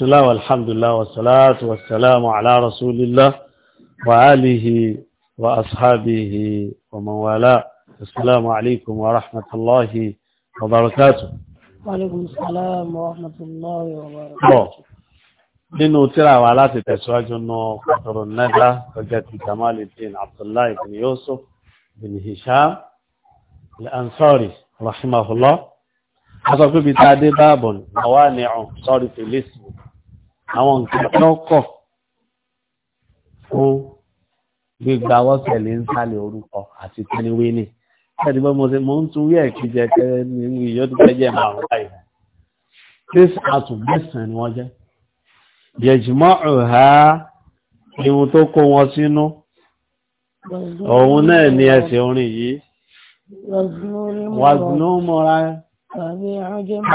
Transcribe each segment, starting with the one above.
بسم الله والحمد لله والصلاة والسلام على رسول الله وآله وأصحابه ومن والاه السلام عليكم ورحمة الله وبركاته وعليكم السلام ورحمة الله وبركاته nínú tíra wa láti tẹ̀síwájú nù ọ̀tọ̀rọ̀ nẹ́gbà ọjọ́ ti Kamaluddin Abdullahi bin Yusuf bin Hisham al-Ansari rahimahullah a sọ pé bí tá a dé báàbùn àwọn àníyàn sọ́rí fèlésì àwọn nǹkan tí ó kọ̀ fún gbígba wọ́sẹ̀lẹ̀ ń sálẹ̀ orúkọ àti tẹ́niwé ní ẹ̀dí bọ́ mo ṣe mo ń tún rí ẹ̀kí jẹ kẹrẹ nínú ìyọ́ tó fẹ́ jẹ́ márùn báyìí chris atun mẹ́sàn-án ni wọ́n jẹ́ yẹ̀jùmọ́ ọ̀há ihun tó kó wọn sínú òun náà ni ẹsẹ̀ orin yìí wàzùnú mọ́ra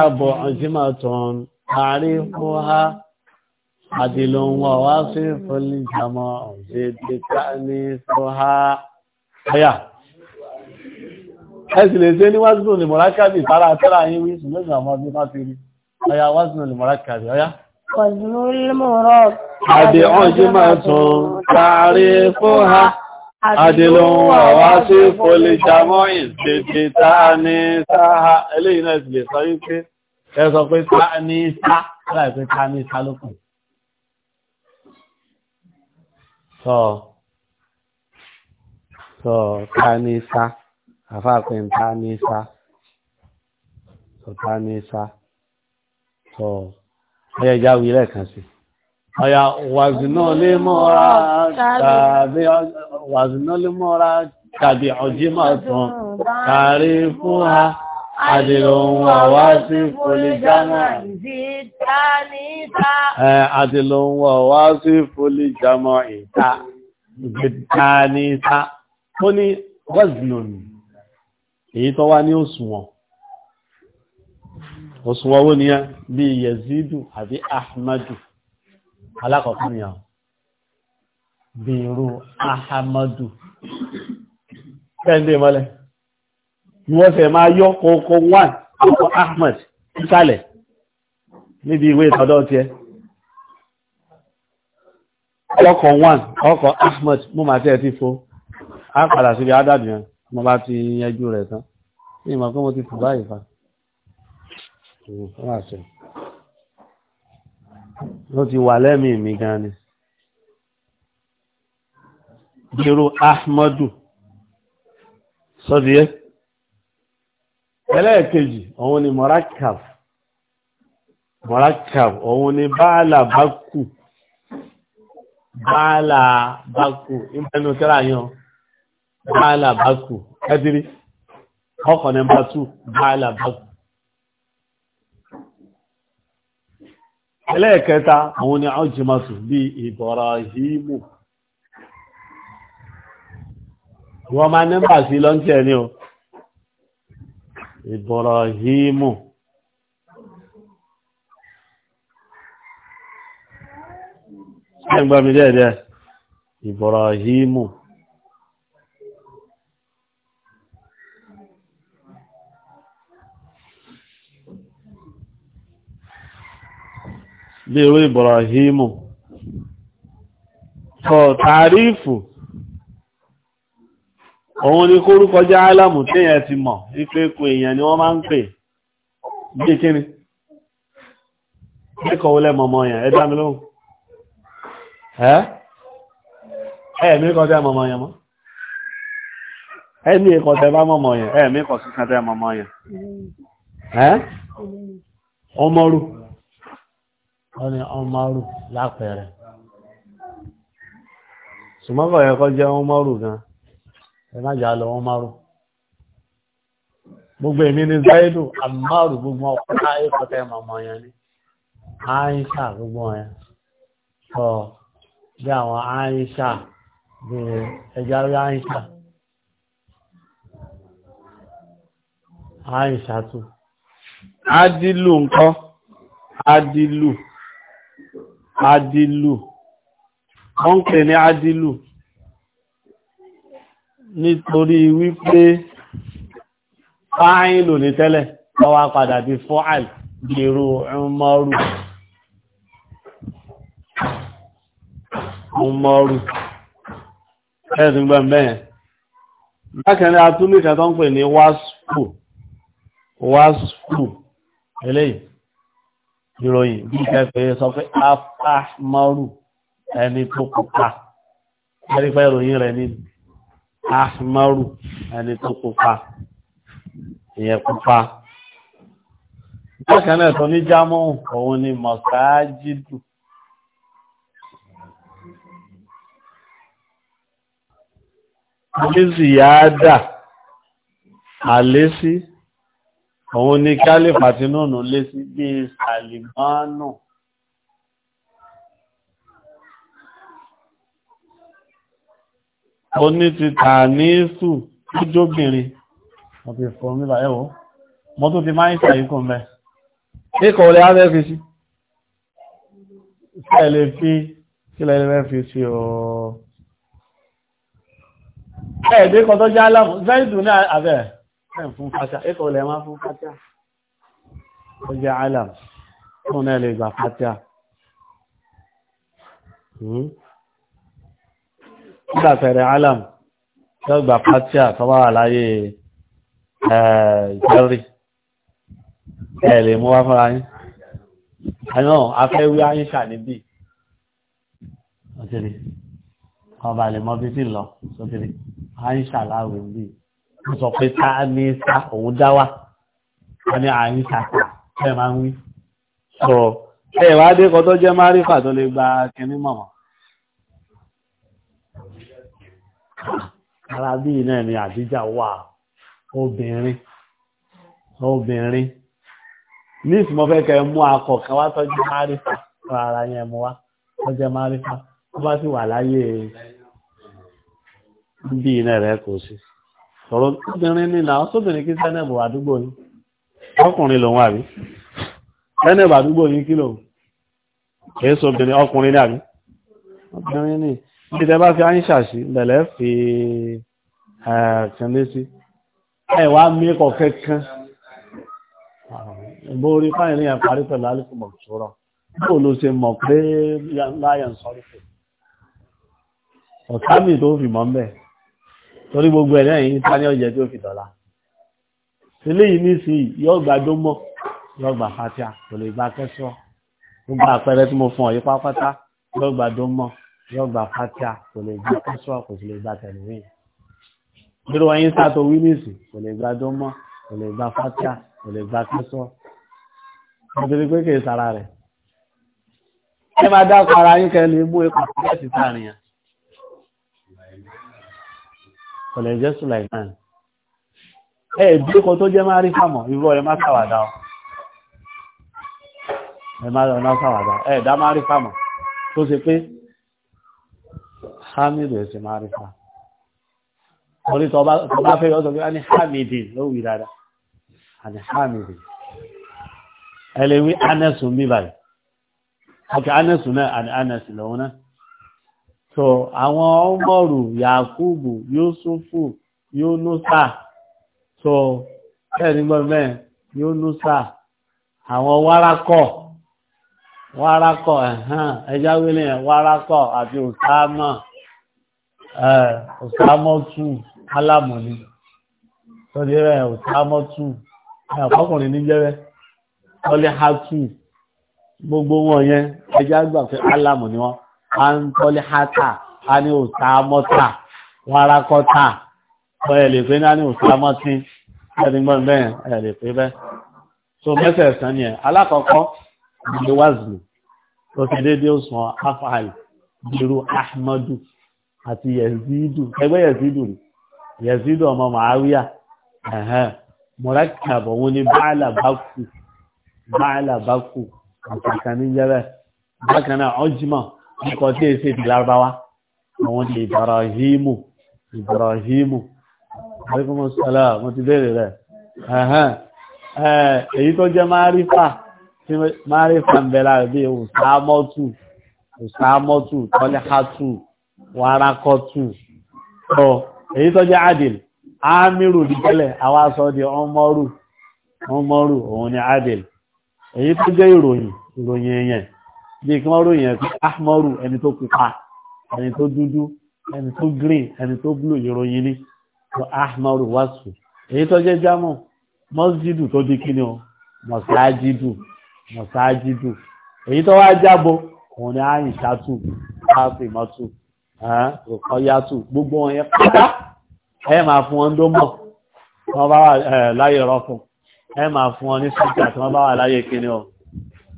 àbọ̀ ọ̀jímọ̀ tán àárín fún ha. عدل وواصف الجمع زد التأنيث ها هيا ẹ̀sì lè ṣe ní wázínú lè mọ̀rákàbì tààrà àtẹ́rà yìí wí ṣùgbọ́n ìgbà ọmọ ọdún láti rí ọya wázínú lè mọ̀rákàbì ọya wázínú lè mọ̀rákàbì àdè ọjọ́ máa tún tààrí sí fòlè jamọ́ ìṣèṣe táà ní sáà eléyìí náà sì lè sọ wípé ẹ sọ pé táà ní sáà láìpẹ́ táà ní sáà lókùn sọ sọ ta ní sá àfáàpin ta ní sá ìjà wí lẹ́ẹ̀kan sí ọyá wàzínọ́lémọ́ra tàbí wàzínọ́lémọ́ra tàbí fún ha àdìrò ohun àwá sí fòlìjánà àti ló ń wọ̀ wá sí fólì jamọ́ ìta gbẹ̀dánítà ó ní wọ́zìlónì èyí tó wá ní òṣùwọ̀n òṣùwọ̀n owó ni bí yẹ̀zídù àbí ahmadu alákọ̀ọ́kọ́ ni àwọn bí irú ahmadu pẹ́ndé mọ́lẹ̀ ni wọ́n fẹ́ máa yọ́ kọ̀ọ̀kọ̀ 1 ahmad ìsàlẹ̀ níbi ìwé ìtọ́dọ́ ti ẹ ọkọ̀ 1 ọkọ̀ Ahmed mú ma tẹ́ ti fó a padà sí ibi adàbìyàn mo bá ti yẹjú rẹ̀ tán ní ìmọ̀ kó mo ti tù báyìí fa ó ti wà lẹ́mí mi gan ni Gero Ahmadu sọ́dí ẹ́ ẹlẹ́ẹ̀kejì òun ni Morakaf mọ̀rákàb òun ni báàlà bá kù báàlà bá kù ìmọ̀ẹ́nu kẹ́rà yàn báàlà bá kù ẹ́dìrí ọkọ̀ nẹ́mbà tù báàlà bá kù ẹlẹ́ẹ̀kẹta òun ni ọjìmọ̀tù bí Ibrahimu wọ́n máa nẹ́mbà sí lọ́ńtì ẹni o Ibrahimu ẹ̀ ń gbà mí dẹ́ẹ̀dẹ́ Ibrahimu bí irú Ibrahimu tọ̀ tàrífù òun ni kórúkọ jẹ́ tí èyàn ti mọ̀ wípé kò ni wọ́n máa ń pè bí kíni kíkọ̀ olẹ́ mọ̀mọ̀ èyàn mi ẹ̀ẹ̀mí kan tẹ́ mọ̀mọ̀ yẹn mọ́ ẹ̀ẹ̀mí kan tẹ́ bá mọ̀mọ̀ yẹn mi kan sí kan tẹ́ mọ̀mọ̀ yẹn ẹ́ ọmọrú lápẹẹrẹ ṣùgbọ́n jẹ́ gan jà lọ gbogbo èmi gbogbo ọkọ̀ bí àwọn àìṣà bí ẹja rí àìṣà àìṣà tó adìlù ńkọ́ adìlù adìlù wọ́n pè ní adìlù nítorí wípé fáìlù ní tẹ́lẹ̀ wọ́n wá padà bí fọ́àìlù bí irú ọmọrù Umaru ẹ̀sìn gbẹ̀mẹ́ bákẹ̀rẹ́ atúnlẹ̀kẹ́ tó ń pè ní wasfu wasfu eléyìí ìròyìn bí kẹfẹ́ sọ pé afahmaru ẹni tó pupa ẹrífẹ́ ìròyìn rẹ̀ ní ahmaru ẹni tó pupa ìyẹn pupa bákẹ̀rẹ́ tó ní jámọ́ òun ni mọ̀sáájídù àlésìyáádà àlésí òun ni kálífà tí nùnù lésí bí i sàlìmánù ó ní ti tàníṣù tó jóbìnrin ọ̀pì fọ́nmílà ẹ̀wọ́ mọ́ tó ti máa ń ṣàyíkùn mẹ́ kíkọ̀ olè áfẹ́fẹ́ sí ṣẹ́ẹ̀lẹ́ fi sílẹ̀ ẹlẹ́fẹ́ fi sí ọ̀ọ́ ẹ̀ẹ́dẹ́ kan tó jẹ́ aláàmù zaidu ní abẹ́ ẹ̀ fún fàtíà ẹ̀kọ́ lẹ̀ máa fún fàtíà tó jẹ́ aláàmù tó náà lè gbà fàtíà hmm. nígbà fẹ̀rẹ̀ aláàmù tó gbà fàtíà tó bá wà láyé ìjẹ́rì ẹ̀ lè mú wá fúnra yín àyàn afẹ́wé ayíṣà níbí ọba lè mọ bí sí lọ sókèrè àìṣà láwẹ̀ ń bí ó sọ pé ta ní sá òun dá wà wọ́n ní àìṣà ẹ̀ máa ń wí sọ ẹ̀ wá dé kọ́ tó jẹ́ márífà tó lè gba kínní mọ̀mọ́ ara bí náà ni àdíjà wà obìnrin obìnrin ní ìsìnmọ́ fẹ́ kẹ́ mú akọ̀ kan wá tọ́jú márífà ara yẹn mú wá tọ́jú márífà tó bá sì wà láyé bí iná rẹ̀ kò sí sọ̀rọ̀ obìnrin ni náà sóbìnrin kí sẹ́nẹ̀bù àdúgbò yìí ọkùnrin lòun àbí sẹ́nẹ̀bù àdúgbò yìí kí lòun kìí sóbìnrin ọkùnrin ní àbí obìnrin ni bí tẹ bá fi àyíṣà sí lẹ̀lẹ́ fi kẹ́lé sí ẹ wá mí kọ kẹ́kẹ́ ìborí fáyìn ní ẹ̀parí pẹ̀lú alífùmọ̀ sọ̀rọ̀ bó ló ṣe mọ̀ pé láyẹ̀ ń sọ́rí pé ọ̀tá mi tó fi mọ́ bẹ́ẹ̀ torí gbogbo ẹ̀rẹ́ yìí ta ní ọjẹ́ tí ó fi dọ̀la sílé yìí nísìnyí yóò gba dómọ yóò gba fatia kò lè gba kẹsọ gbogbo àpẹẹrẹ tí mo fún ọ yìí pátápátá yóò gba dómọ yóò gba fatia kò lè gba kẹsọ kò sì lè gba tẹlifíìn nínú ẹyin sáto wínísì kò lè gba dómọ kò lè gba fatia kò lè gba kẹsọ nítorí pé kì í sara rẹ ẹ máa dá kò lè jẹ́ Sulaiman ẹ bí kò tó jẹ́ máa rí fàmọ̀ irú ẹ má ṣàwàdà ọ ẹ má lọ náà ṣàwàdà ẹ dá máa rí fàmọ̀ tó ṣe pé hamidu ẹ̀sìn máa rí fàmọ̀ orí tó bá fẹ́ yọ́ sọ pé a ló wí dáadáa a ní hamidi anẹ́sùn bí báyìí ọkẹ́ anẹ́sùn náà àti anẹ́sùn lọ́wọ́ náà so àwọn ọmọrù yakubu yusufu yunusa so bẹ́ẹ̀ ni gbọ́n yunusa àwọn wárakọ̀ ẹ̀hán ẹja wílé yẹn àti osama osamọ́tù alámọ̀ni tọ́jú rẹ̀ osamọ́tù gbogbo wọn yẹn ẹja alamoni antolihata a ní òsàmọ́ta warakọ́ta bẹ́ẹ̀ lè pé ní òsàmọ́tí ẹni gbọ́n bẹ́ẹ̀ ẹ̀ lè pé bẹ́ẹ̀ so mẹ́sẹ̀ ẹ̀sán ni ẹ̀ alákọ̀ọ́kọ́ ìlú wazmi tó ti dédé òsùn afáàlì bírú ahmadu àti yẹ̀zídù ẹgbẹ́ yẹ̀zídù rí yẹ̀zídù ọmọ màáríà ẹ̀hẹ́n mọ̀rákàbọ̀ wọn ni báàlà bákù báàlà bákù àti ìkànnì jẹ́rẹ̀ bákan náà nǹkan tí èsì ti lárúbáwá àwọn ni ìbàràhímù ìbàràhímù alaikum salam mo ti bẹ̀rẹ̀ rẹ̀ èyí tó jẹ́ márífà tí márífà ń bẹ̀rẹ̀ rẹ̀ bí òsàmọ́tù òsàmọ́tù tọ́lẹ́hátù wárakọ́tù tọ́ èyí tó jẹ́ adìl ámìrù dìtẹ́lẹ̀ awásọ di ọmọrù ọmọrù òun ni adìl èyí tó jẹ́ ìròyìn ìròyìn èèyàn bí kí wọ́n ròyìn ẹ̀kú ahmaru ẹni tó pupa ẹni tó dúdú ẹni tó green ẹni tó blue ìròyìn ní ahmaru wasu èyí tó jẹ́ jámọ̀ mọ́sídù tó di kíni o mọ̀sáájídù mọ̀sáájídù èyí tó wá jábọ̀ òun ni àyìnṣátù fáfimọ́tù ọ̀yàtù gbogbo wọn yẹn pátá ẹ máa fún wọn tó mọ̀ wọ́n bá wà láyé rọ́fún ẹ máa fún wọn ní sọ́jà tí wọ́n bá wà láyé kíni o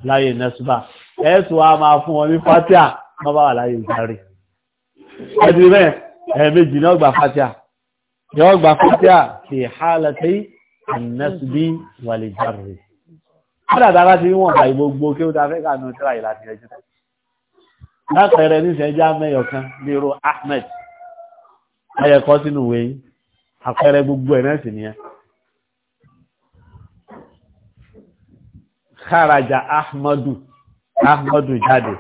láyé nẹ́sùbà ẹ̀ẹ́sùn a máa fún wọn ní fátíà wọ́n bá wà láyé ìjáre ẹ̀dì rẹ̀ ẹ̀ẹ̀mejì ní ọgbà fátíà ní ọgbà fátíà fi hálàtí ẹ̀nẹ́sùbí wà lè járe kádàtà láti wọ́n bá gbogbo kí ó ta fẹ́ kànú tíra ìlàtí ẹjọ́ látẹ̀rẹ̀ ní ìṣẹ́já mẹ́yọ̀ kan bí Ahmed ayẹ̀kọ́ sínú ìwé àpẹẹrẹ gbogbo ẹ̀ náà sì nìyẹn kharaja Ahmadu Ahmadu jáde.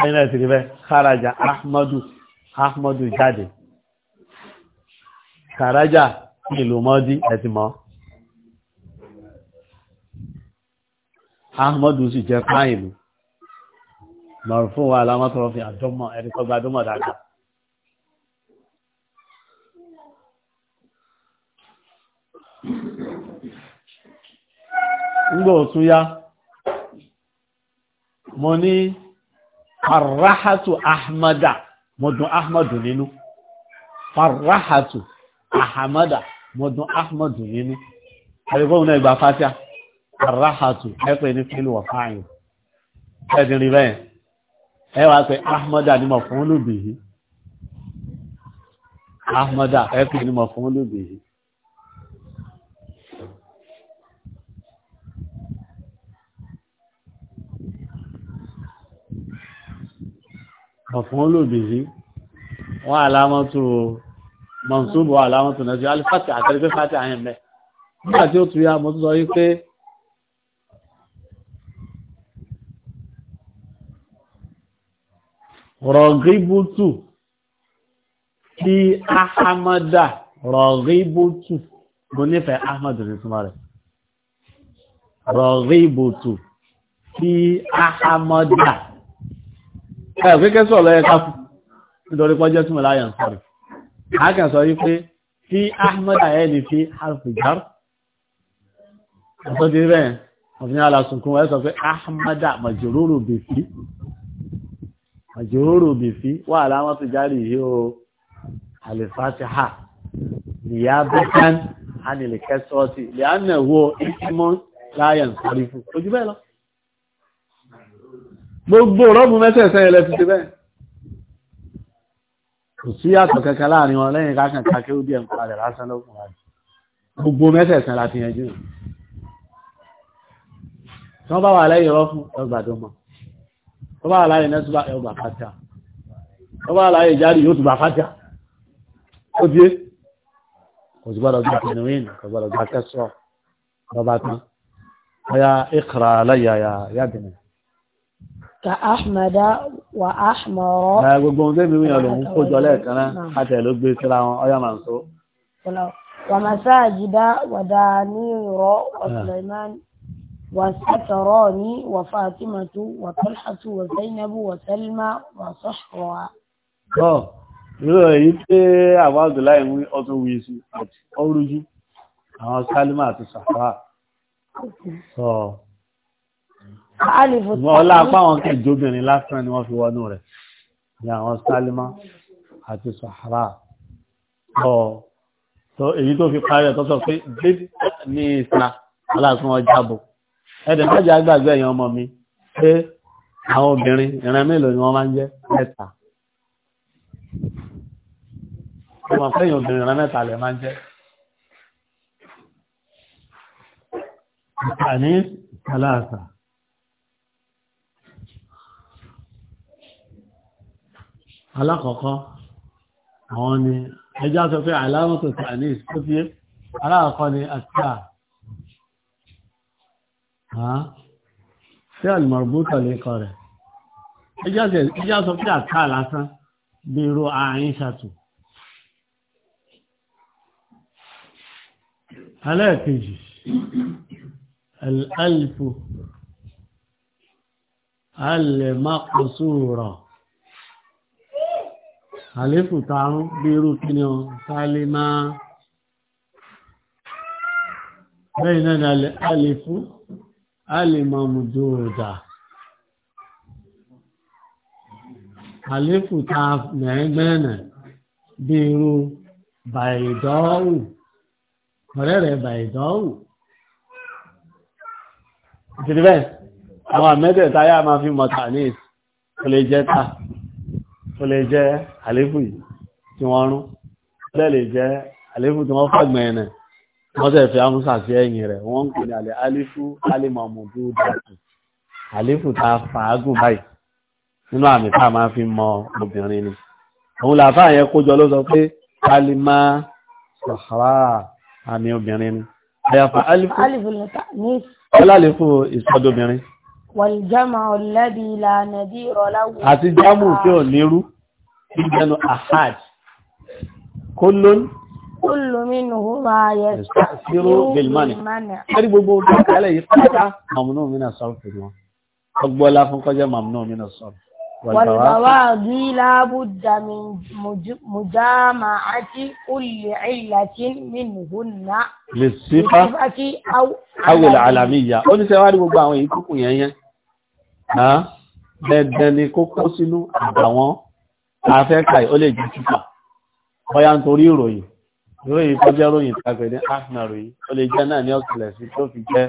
Ẹni náà ti rí bẹ́ẹ̀, Karaja Ahmadu, Ahmadu jáde. Karaja ìlú mọ́dí ẹ̀tì mọ́. Ahmadu sì jẹ́ fáìlú. Mọ̀rún fún wa alámọ́tọ́rọ̀ fi àjọmọ̀ ẹni tó gbádọ́mọ̀ dáadáa. ńgbà òtún yá mo ní farahatu ahmada mo dùn ahmadu nínú farahatu ahmada mo dùn ahmadu nínú àrígbóhùn náà ìgbà fásíà farahatu ẹ̀pẹ́ ní fílù wà fáyìn ẹ̀dìn rí bẹ́ẹ̀ ẹ wá pé ahmada ni mo fún olùbìyí ahmada ẹ̀pẹ́ ni mo fún olùbìyí maf'ul bihi wọ́n alámọ́tò mọ̀nsúbù alámọ́tò náà ju alifáàtì àtẹ́lẹ́fẹ́ fáàtì àyẹ̀ mẹ́ nígbà tí ó tún yá mo tún sọ yí pé rọ̀gíbútù tí ahamada rọ̀gíbútù mo nífẹ̀ẹ́ ahmadu ní túnmọ̀ rẹ̀ rọ̀gíbútù tí ahamada ẹ̀ pé kẹ́sọ̀ lọ́yẹ káfù nítorí pọ́jẹ́ túnmọ̀ láyẹ̀ sọ́rọ̀ akẹ́ sọ yí pé fi ahmed ayé ni fi alfijar ọ̀tọ́ ti rẹ̀ ọ̀fin alasunkun ẹ sọ pé ahmed majororo bè fi majororo bè fi wà láwọn ti járe yìí o alifatiha ìyá bẹ́tán anìlẹ̀kẹ́sọ́ọ̀tì lẹ́yìn gbogbo rọ́bù mẹ́sẹ̀ẹ̀sẹ̀ ilẹ̀ ti ti bẹ́ẹ̀ kò sí yàtọ̀ kẹkẹ láàrin wọn lẹ́yìn kákan kakẹ́ ó díẹ̀ ń padà lásán lókun láti gbogbo mẹ́sẹ̀ẹ̀sẹ̀ láti yanjú tí wọ́n bá wà lẹ́yìn rọ́ fún ọgbà tó mọ̀ tó bá wà láyé nẹ́sùbà ọgbà fàtíà tó bá wà láyé ìjárí yóò tùbà fàtíà ó díẹ̀ kò sí gbọ́dọ̀ gbà kẹnuwìn kò gbọ́dọ̀ gbà kẹsọ̀ lọ́ba tán ọya ka ahmada wa ahmaro. ẹ gbogbo ohun tẹ́mi wíyàn lòun kójọ lẹ́ẹ̀kan náà àti ẹ̀ ló gbé síra wọn ọyọ́ màá so. wa masajida wa daniro wa ah. suleiman wa sataroni wa fatimatu wa talhatu wa zainabu wa salma wa sahra. ọ irú èyí pé àwọn abdullahi ọtún wuyi sí ọrújú àwọn salima àti sahara wọn ọlá apá wọn kẹjọ obìnrin lásán ni wọ́n fi wọnú rẹ̀ ní àwọn sálímà àti sahara tó èyí tó fi parí ẹ̀ tó sọ pé bíbí ní ìsìnà aláàtún ọjà bò ẹ̀dẹ̀ mọ́jà gbàgbé ẹ̀yàn ọmọ mi pé àwọn obìnrin ìran mélòó ni wọ́n máa ń jẹ́ mẹ́ta ọmọ fẹ́yìn obìnrin ìran mẹ́ta alákọ̀ọ́kọ́ àwọn ni ẹjá sọ pé àìlámọ́tò tàníìs tó fi aláàkọ́ ni àtà sí àlùmọ̀rùbútọ̀ lẹ́kọ̀ọ́ rẹ̀ ẹjá sọ pé àtà lásán bí irú àárín ṣàtù ẹlẹ́ẹ̀kejì alẹ́lẹ́fù alẹ́mọ́kọ̀sùrọ̀ àléfù taarún bí irú kí ni ọ sáálé máa lẹ́yìn náà ni àléfù alìmọ̀mùdó ọ̀dà àléfù ta mẹ́gbẹ́nà bí irú bàìdọ́wù ọ̀rẹ́ rẹ̀ bàìdọ́wù ìtìdíbẹ̀ àwọn àmẹ́tẹ̀ẹ̀ta yá máa fi mọ̀ta ní ìsìn ó lè jẹ́ àléébù yìí tí wọ́n rún ó lè jẹ́ àléébù tí wọ́n fàgbẹ̀ ẹ̀nà wọ́n tẹ̀ fi amúsà sí ẹ̀yìn rẹ̀ wọ́n ń pè ní àlẹ́ àléébù alímọ̀mọ̀dú dàtù àléébù tá a fàágùn báyìí nínú àmì tá a máa fi mọ obìnrin ni òun làbá yẹn kójọ ló sọ pé kálímà sàhárà àmì obìnrin ni àyàfà àléébù ìsọdọ̀bìnrin والجمع الذي لا نذير له àti jamu tí ó nírú ìjẹnu ahad kullun kullu minhuma yastasiru bil mani ari gbogbo ọdún kálẹ̀ yìí pátá mamnu min asarf wọn gbogbo fún kó jẹ́ mamnu min asarf والبواغي لا بد من مجامعة كل علة منهن أو العالمية dandan ni kó kó sínú àtàwọn afẹ́kàì ó lè jẹ́ títà bọ́yá nítorí ìròyìn ìròyìn tó jẹ́ ròyìn tàbí ní arsenal ròyìn ó lè jẹ́ náà ní ọ̀sẹ̀lẹ̀ sí tó fi jẹ́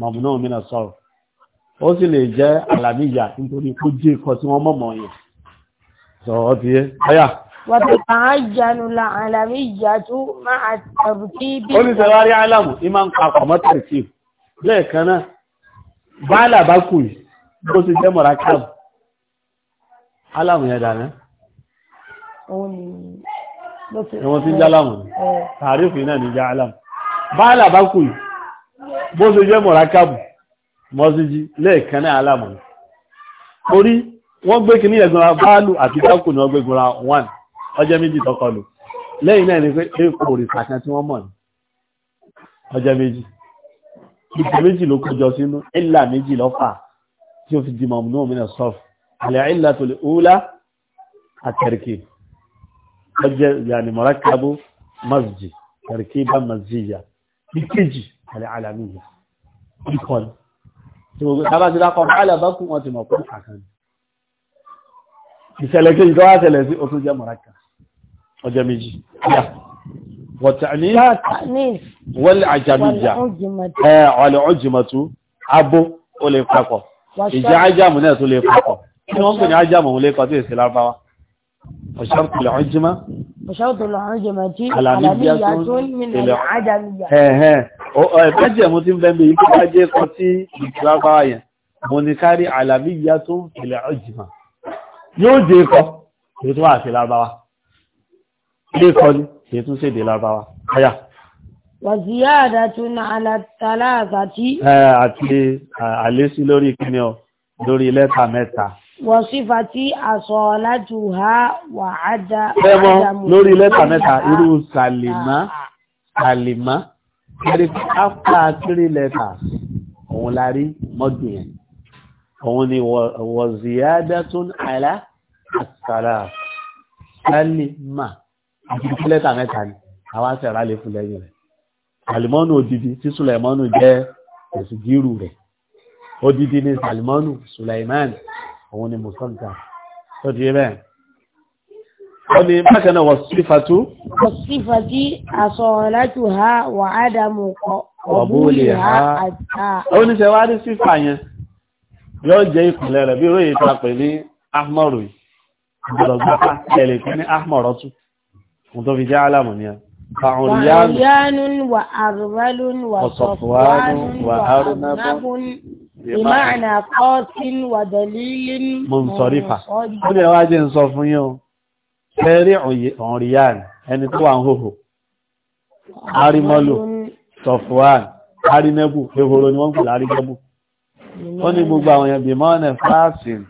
mọ̀mùnà òmìnà sọ̀rọ̀ ó sì lè jẹ́ àlàmìyà nítorí kó jẹ́ ikọ̀ tí wọ́n mọ̀mọ̀ yẹn sọ̀rọ̀ ti yé báyà. wàtàkàájánu la àlàmìyà tó máa tẹ̀rù tí bí. ó ní sẹ́wárí álàmù ìmá ń pa báàlà bá kù bó ti jẹ́ mọ̀rá káàbù aláàmù yẹn dànù ẹ̀wọ̀n tí ń já aláàmù tààrífì náà ní já aláàmù báàlà bá kù bó ti jẹ́ mọ̀rá káàbù mọ́síjí lẹ́ẹ̀kan náà aláàmù torí wọ́n gbé kì ní ẹ̀gbọ́n báàlù àti báàkù ní ọgbẹ́gbọ́ra 1 ọjọ́ méjì tọ́kọlù lẹ́yìn náà ni pé èkó òrìṣà kan tí wọ́n mọ̀ ní ọjọ́ méjì ìpè méjì ló kọjọ sínú ìlà méjì lọ́fà tí ó fi di mọ̀mù náà mìíràn sọ́f alẹ́ ìlà tó lè oúlá àtẹ̀rẹ̀kì ọjẹ́ ìyàní mọ̀rákàbó mazjì tẹ̀rẹ̀kì bá mazjìyà ìkejì alẹ́ alàmìyà ìkọlù tí gbogbo tábà ti dákọ̀ alẹ́ bá kún wọn ti mọ̀ والتأنيث والعجمية والعجمة abo ó lè papọ̀ ìjẹ́ ajámù náà tó lè papọ̀ kí wọ́n kò ní ajámù ó lè kọ́ tí ìsìlá bá wá ọ̀ṣọ́rọ̀tò lọ́rọ̀jìmá tí àlàmíyà tó ń bẹ́m̀bẹ̀ ikú bá jẹ́ kọ́ tí ìsìlá bá wá yẹn mo ní kárí àlàmíyà tó ń lọ́rọ̀jìmá yóò jẹ́ kọ́ kì í tún ṣèdè lábáwá káyà. wàzíyá àdàtún alátàlá àkàtì. ẹ àti àlésí lórí kíni ọ lórí lẹ́tà mẹ́ta. wọ̀sífà tí aṣọ ọ̀làjú ha wà á dá. bẹ́ẹ̀ lórí lẹ́tà mẹ́ta irú sàlìmá sàlìmá kẹrin áfà tírí lẹ́tà òun la rí mọ́gbìn yẹn òun ni wọ̀zíyá àdàtún alátàlá sàlìmá àti lẹ́tà mẹ́ta ni àwọn àṣẹ̀rá lè fún lẹ́yìn rẹ̀ salimọ́nù odidi tí sulaimọ́nù jẹ́ ẹ̀sùn gírù rẹ̀ odidi ni salimọ́nù sulaiman òun ni musanta tó di bẹ́ẹ̀ ó ní bákan náà wọ́n sífàtú. wọ́n sífàtí àsọ̀rọ̀lájú ha wà ádámù ọ̀bùnlé ha àtà. ó ní sẹ́wá ní sífà yẹn yóò jẹ́ ìpìlẹ̀ rẹ̀ bí ó yẹ ta pè ní ahmaru yìí ìgbàlọ́gbà tẹ̀lé kí ní ahmaru tún ohun tó fi jẹ́ alamu ni fàáyánun wà àrùbálún wà sọ̀fùwánun wà àrùnàbùn ìmáàna kọ́tín wà dalilin mọ̀nsọ̀rífà ó lè wá jẹ́ ń sọ fún yín o fẹ́rí ọ̀rìyàn ẹni tó wà ń hòhò arímọ́lò sọ̀fùwán arínẹ́bù ehoro ni wọ́n pè lárínẹ́bù ó ní gbogbo àwọn èèyàn bí mọ́ọ̀nẹ̀ fásin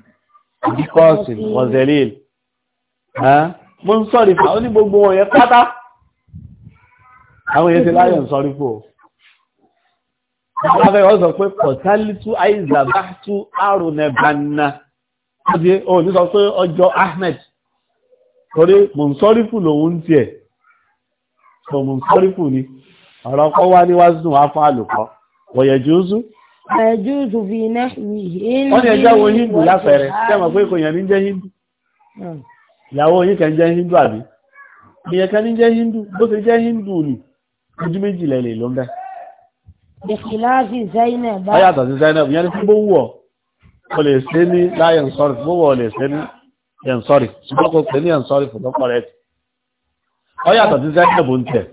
bíkọ́sìn wọ̀zẹ̀lẹ́lì mo ń sọ̀rí fún àwọn ní gbogbo wọn yẹn pátá àwọn yẹn ti láyọ̀ ń sọ̀rí fún o lábẹ́ wọ́n sọ pé pọ̀tálítú àìzàbátú àrùnẹ̀bànà ọdí o ní sọ pé ọjọ́ Ahmed torí mò ń sọ̀rí fún lòun ń tiẹ̀ so mò ń sọ̀rí fún ni ọ̀rọ̀ kọ́ wá níwájú wá fún àlùkọ́ wọ̀yẹ̀ jùúzú wọ́n ni ẹjọ́ wo hindu láfẹ̀ẹ́rẹ́ tẹ́mọ̀ pé kò yẹn ní jẹ́ hindu hmm ìyàwó yìí kẹ́ ń jẹ́ hindu àbí ìyẹn kẹ́ ní jẹ́ hindu bó ṣe jẹ́ hindu ni ojú méjì lẹ́lẹ̀ ló ń bẹ́. ìfìláàfì zainab. ó yàtọ̀ sí zainab ìyẹn ni fún bó wù ọ́ o lè ṣe ní láyé ń sọ́rí bó wù ọ́ lè ṣe ní yẹn sọ́rí ṣùgbọ́n kò pè ní yẹn sọ́rí fún lọ́pọ̀ rẹ̀ ó yàtọ̀ zainab ń tẹ̀.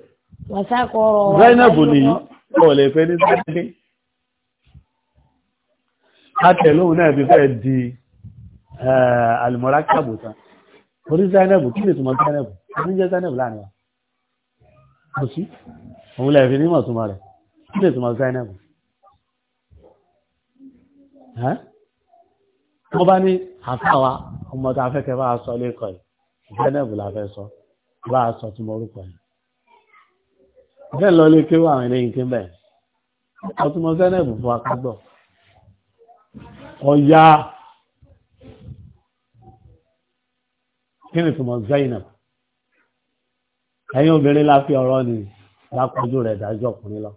zainab nìyí o lè pè ní zainab látẹ̀lóhun náà fi fẹ́ di alìmọ̀rákàbùtà orí zainab kí lè túnmọ̀ zainab ní jẹ́ zainab láàrin wa kò sí òun lẹ́ẹ̀fì nímọ̀ túnmọ̀ rẹ̀ kí lè túnmọ̀ zainab wọ́n bá ní àfáwa ọmọ tá a fẹ́ kẹ́ bá a sọ lẹ́kọ̀ọ́ yìí zainab la fẹ́ sọ bá a sọ túnmọ̀ orúkọ yìí bẹ́ẹ̀ lọ lé kéwà àwọn eléyìí ké bẹ́ẹ̀ ọtúnmọ̀ zainab fún akágbọ̀ ọ̀ya. kí ni túmọ̀ Zainab ẹ̀yin obìnrin la fi ọ̀rọ̀ ni lápọ̀jù rẹ̀ dájú ọkùnrin lọ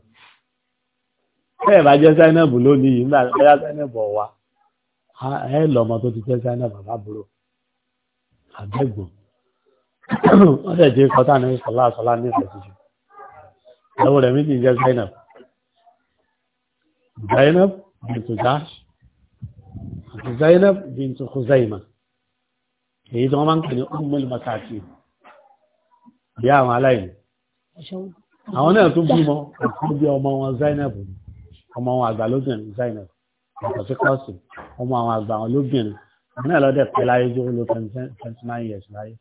bẹ́ẹ̀ bá jẹ́ Zainab lónìí yìí nígbà bóyá Zainab ọ̀wà ẹ lọ́mọ tó ti jẹ́ Zainab àbábúrò àbẹ́gbò wọ́n dẹ̀ jẹ́ kọ́tà ní sọ́lá sọ́lá ní ìfẹ̀ tuntun ẹ̀wọ̀ rẹ̀ méjì jẹ́ Zainab Zainab bintu Jahsh àti Zainab bintu èyí tí wọ́n máa ń pè ní ọmọlù mọ́sáàkì bí àwọn aláìní àwọn náà tún bímọ àti bí ọmọ wọn Zainab ọmọ wọn àgbà lóbìnrin Zainab yàtọ̀ sí kọ́ọ̀sì ọmọ àwọn àgbà wọn lóbìnrin àwọn náà lọ́dẹ̀ pẹ́ láyé jó ló twenty nine years láyé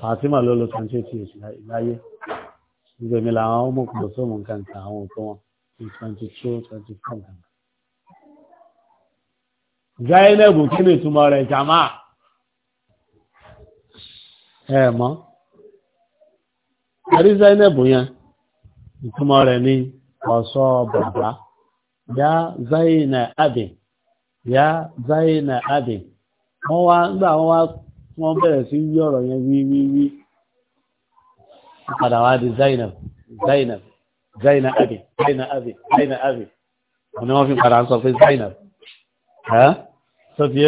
Fatima ló ló twenty eight years láyé ìgbèmí làwọn ọmọ kò sóhun kankan àwọn òkú wọn twenty two twenty four. Zainab kí ni ìtumọ̀ rẹ̀ jàmáà. ẹ mọ́ ẹ̀rí zainab yẹn ìtumọ̀ rẹ̀ ní ọ̀ṣọ́ bàbá ya Zainab abin ya Zainab abin wọ́n wá nígbà wọ́n wá wọ́n bẹ̀rẹ̀ sí wí ọ̀rọ̀ yẹn wí wí wí padà wá di zainab zainab zainab abin zainab abin zainab abin wọ́n ni wọ́n fi padà sọ pé zainab ẹ́ sọ fi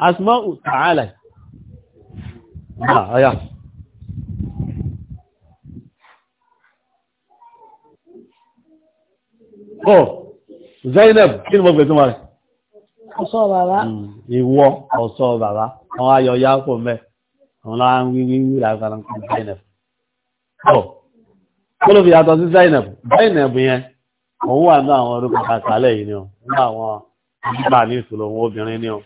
asma'u ta'ala ọ̀yá ọ̀ zainab kí ni mo pè túnmọ̀ rẹ̀ ọ̀ṣọ́ bàbá hmm, ìwọ ọ̀ṣọ́ bàbá àwọn ayọ̀ ya kò mẹ́ àwọn láàrín wíwíwí lágbàrán kí zainab ọ̀ kó ló fi yàtọ̀ sí zainab zainab yẹn òun wà ní àwọn orúkọ kàkàlẹ̀ yìí ni ọ̀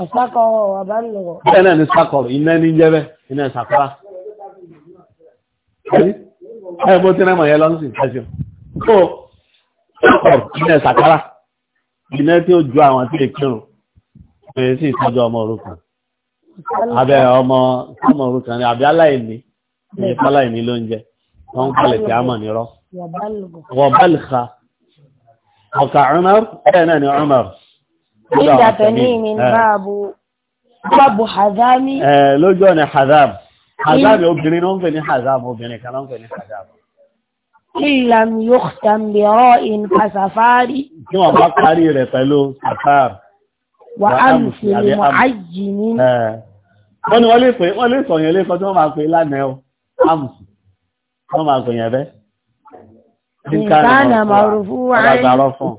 Ọ̀sákọ̀rọ̀ àbálòrọ̀. Bẹ́ẹ̀ náà ni sákọ̀rọ̀, iná ní jẹ́ bẹ́, iná ìsàkọ́rá. Ẹ bó tí náà yẹ lọ́nsì ìfẹ́sìn. So, sákọ̀rọ̀, iná ìsàkọ́rá, iná tí ó ju àwọn tí o èyí sì tọ́jú ọmọ òrukàn. Abẹ́ ọmọ ọmọ òrukàn ni àbí aláìní, èyí fáláìní ló ń jẹ, wọ́n ń kalẹ̀ tí a mọ̀ nírọ́. Wọ̀bálùkà. Ọ̀kà Umar, bẹ́ẹ̀ náà ni Umar ìdá tẹ̀lé mi báàbù báàbù hazami. lójú ọ̀nà hazam hazam obìnrin ló ń pè ní hazam obìnrin kan ló ń pè ní hazam. ìlànà yóò tàbírọ̀ in kasafari. kí wọ́n bá parí rẹ̀ pẹ̀lú safar. wà á mùsùlùmí àbí àjì ní. Eh. wọ́n ní wọ́n lè pè wọ́n lè sọ̀yìn lẹ́kọ̀ọ́ tí wọ́n máa pè lánàá o ámùsù wọ́n máa pè yẹn bẹ́ẹ̀. nǹkan àmàrùfù wáyé.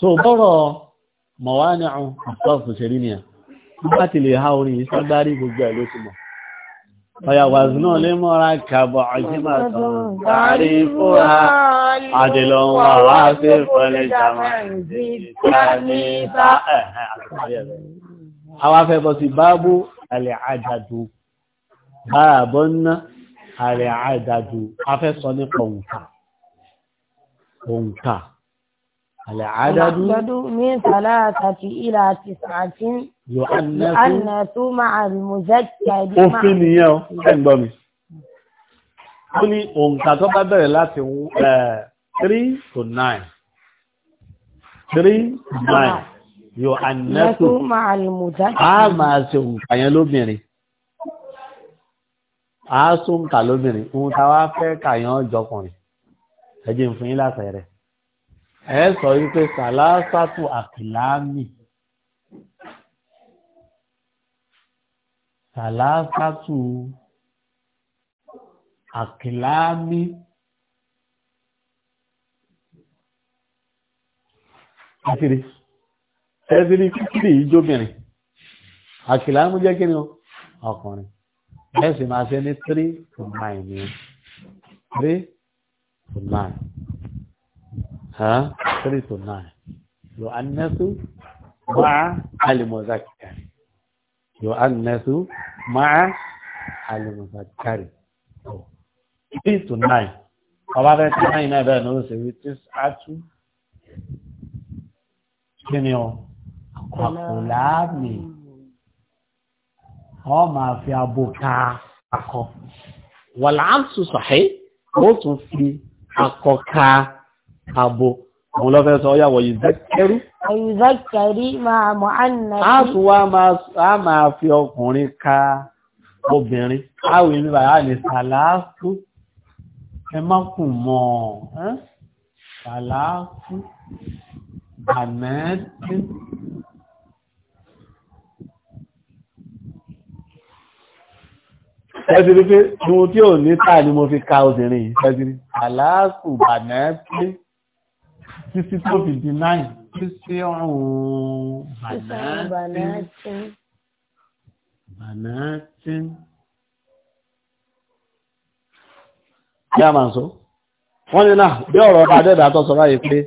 so bọ́rọ̀ mọ̀wání ọ̀hún àtọ́fù ṣe rí ni à bá ti lè ha orin yìí ságbárí gbogbo ẹ̀ ló ti mọ̀ ọ̀yà wàzù náà lè mọ́ra kàbọ̀ ọ̀jímà tán tààrí fúra àdìlọ́ wà wá sí fọlẹ̀ jàmà àwọn afẹ́bọ̀ sí báàbù alẹ́ àjàdù báàbọ̀ ná alẹ́ àjàdù afẹ́sọ nípa òǹkà òǹkà العدد من ثلاثة إلى تسعة يؤنث مع المذكر òfin nìyẹn o ẹ ń gbọ́ mi ó ní òǹkà tó bá bẹ̀rẹ̀ láti three to nine three to nine يؤنث مع المذكر a máa ṣe òǹkà yẹn lóbìnrin a sún kà lóbìnrin ohun táwa fẹ́ kà yẹn ọjọ́kùnrin ẹ jẹ́ n fún yín láṣẹ rẹ̀ ẹ sọ wípé sàlásàtù àkìlámì sàlásàtù àkìlámì àkìrí ẹ̀sìrí kíkìrí ìjóbìnrin àkìlámì jẹ́ kí ni ọkùnrin ẹ̀sìn máa ṣe ní 3 to 9 ni 3 to 9 three to nine yóò anẹ́sù máa alimọ̀zákìkárì yóò anẹ́sù máa alimọ̀zákìkárì oh. three to nine ọba fẹ́ tí nine náà bẹ́ẹ̀ ní ó ṣe wí tí a tú kí ni ọ àkọláàmì ọ máa fi abo ká akọ abo òun lọ́fẹ́ sọ ọyàwó yìí zẹ́kẹ́rú àyùzẹ́kẹ́rí máa mọ̀ ánàbí a tún wá máa fi ọkùnrin ka obìnrin àwọn èmi bàbá ní sàlàáfú ẹ má kùn mọ́ sàlàáfú bàmẹ́tì ẹ̀sìn wípé ohun tí ò ní tà ni mo fi ka obìnrin yìí ṣẹ́sìn sàlàáfú bàmẹ́tì títí tó fi di náì títí ọ̀hún bànátín bànátín kí a máa sọ wọ́n ní náà bí ọ̀rọ̀ ọba adẹ́dà tó sọ báyìí pé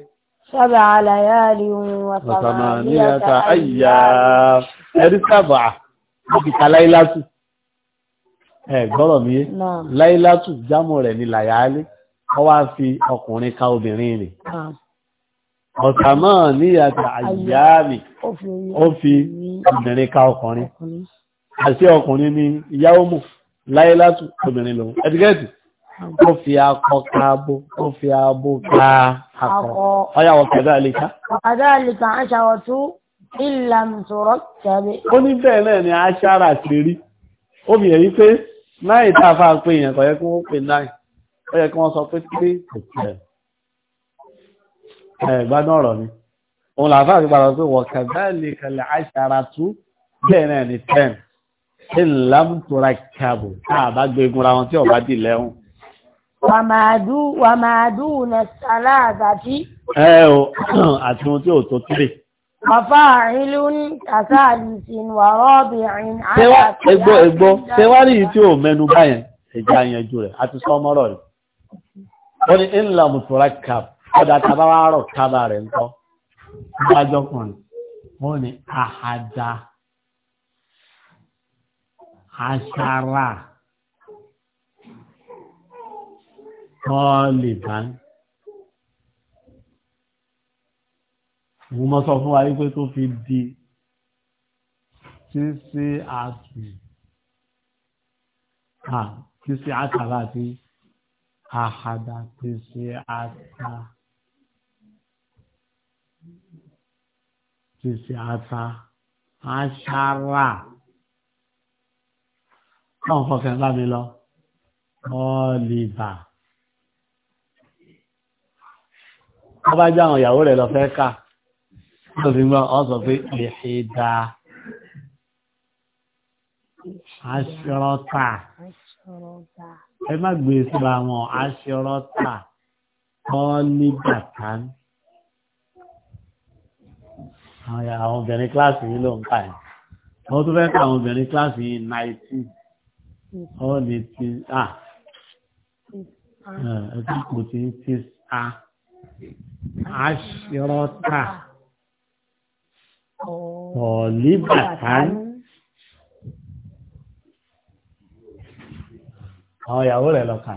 sábà aláyáàlì wàsàmà ní ẹta àyà ẹ̀rí sábà òkìta láìlátù ẹ gbọ́rọ̀ mi láìlátù jámọ̀ rẹ̀ ní làyáálé wọ́n wá fi ọkùnrin ka obìnrin rẹ̀ ọ̀tàmọ́ ní àtà àyàmì ó fi obìnrin ká ọkùnrin àti ọkùnrin ní ìyàwó mọ̀ láyélátù obìnrin lòun ẹ̀dìgẹ́ẹ̀tì ó fi akọ káàbò ó fi abo ká akọ ọyàwó kẹdà àlíká. kẹdà àlíká aṣáwọ̀ tó ìlànà sọ̀rọ̀ tàbí. ó ní bẹ́ẹ̀ náà ni aṣára ti rí ó bìyẹ̀ yí pé náà ìta àfa pé èèyàn kò yẹ kí wọ́n pè náà ó yẹ kí wọ́n sọ pé three to twelve ẹ̀gbọ́n náà rọ̀ ni òun làbá àti padà pé wọ̀kà báyìí kẹlẹ̀ àṣàrà tú bẹ́ẹ̀ náà ni ten ṣé ńlá ń tora kàbò tá a bá gbé gunra wọn tí ọba dì lẹ́hùn. wàmàdù wàmàdù nà sálà àgàtì. ẹ o àti ohun tí ò tó tìrì. Bàbá ìlú kàtà àlìsìn wà rọ́ọ̀bì ìrìn Egbò egbò ṣé wá rí tí ò mẹ́nu báyẹn ẹja yanjú rẹ̀ àti sọmọ́rọ̀ rẹ̀. Wọ́n ní ńlá mùtúrà kàbò ọ̀dà tàbá wá rọ̀ kábà rẹ̀ ń kọ́ gbájọ́ kan wọ́n ní àhàdà àṣàrà tọ́lìbán mo mọ́ sọ fún wa wípé tó fi di ṣíṣe àtù ṣíṣe àtàlà àti àhàdà ṣíṣe àtàlà. ṣíṣe àṣà àṣàrà náà fọkàn bá mi lọ ọlìbà wọ́n bá jẹ́ àwọn ìyàwó rẹ̀ lọ fẹ́ ká ló fi mọ́ ọ sọ pé ìhìdá aṣọ́rọ́tà ẹ àwọn obìnrin kíláàsì yìí ló ń kà yìí wọ́n tún fẹ́ kà àwọn obìnrin kíláàsì yìí náìtì ó ní ti à ẹ̀ka kò tí ń ti sa aṣírọ́tà tọ̀líbàtán. àwọn ìyàwó rẹ̀ lọ kà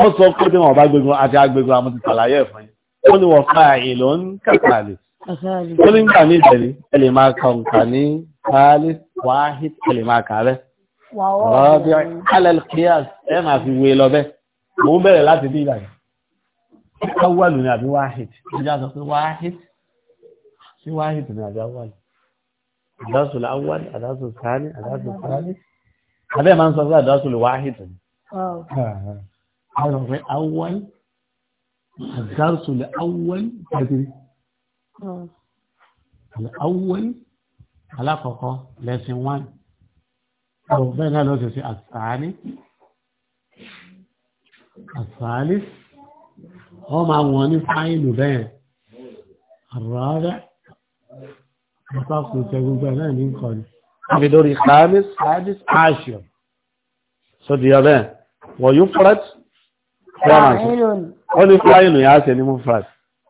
ó sọ pé tí wọ́n bá gbégun àti agbégun àmọ́ ti tàlàyé ẹ̀fún ó ní wọ́n fa àyìn ló ń kàkàlẹ̀ ó ní gbà ní ìtẹ̀lẹ̀ ẹ lè máa kà nǹkà ní káálí wáhí ẹ lè máa kà rẹ̀ rọ́bì alẹ́kíyàs ẹ máa fi wé e lọ bẹ́ẹ̀ mò ń bẹ̀rẹ̀ láti bí ìgbà yìí awọ́lù ni àbí wáhí ìjà sọ pé wáhí sí wáhí ni àbí awọ́lù àdásùlù awọ́lù àdásùlù sáálì àdásùlù sáálì abẹ́ máa ń sọ pé àdásùlù wáhí tẹ̀lé حرف أول الدرس الأول بدري الأول على فقه لسن وان ربنا لو تسي الثاني الثالث هو مع واني فاعل بين الرابع مطاق تقول بنا من بدور خامس سادس عاشر صديابان ويفرد wọ́n ní fáìlù yà á ṣe ní mufas.